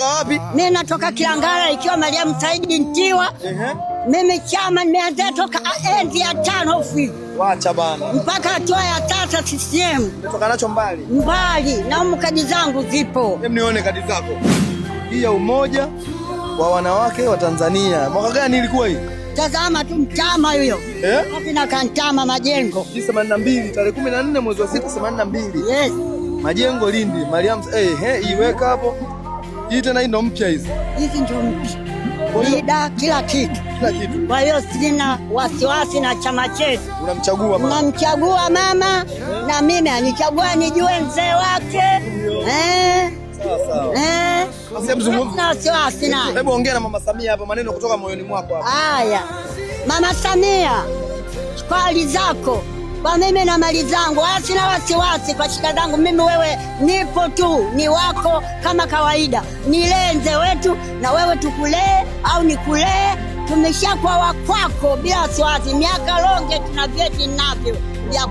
Unatoka wapi? Mimi natoka Kilangala ikiwa Maria Msaidi Bintiwa. uh -huh. Mimi chama nimeanza toka enzi ya tano ofisi. Wacha bana. Mpaka hatua ya tata CCM. Natoka nacho mbali. Mbali na umu kadi zangu zipo. Hem, nione kadi zako. Hii ya umoja wa wanawake wa Tanzania. Mwaka gani ilikuwa hii? Tazama tu mtama huyo. Eh? Hapo na kantama majengo. 82 tarehe 14 mwezi wa 6 82. Yes. Majengo Lindi, Mariam eh, hey, eh, iweka hapo. Hii tena ndo mpya hizi. Hizi ndio mpya. ida kila kitu. Kila kitu. Kwa hiyo sina wasiwasi na chama chetu. Unamchagua mama. Unamchagua mama na mimi anichagua nijue mzee wake. Eh. eh. Hebu ongea na Mama Samia hapa maneno kutoka moyoni mwako hapa. Haya. Mama Samia, kwa zako kwa mimi na mali zangu ah, sina wasiwasi kwa shida zangu mimi, wewe nipo tu, ni wako kama kawaida. Nilee mzee wetu, na wewe tukulee au nikulee. Tumeshakuwa wakwako bila wasiwasi, miaka longe tuna vyeti navyo vya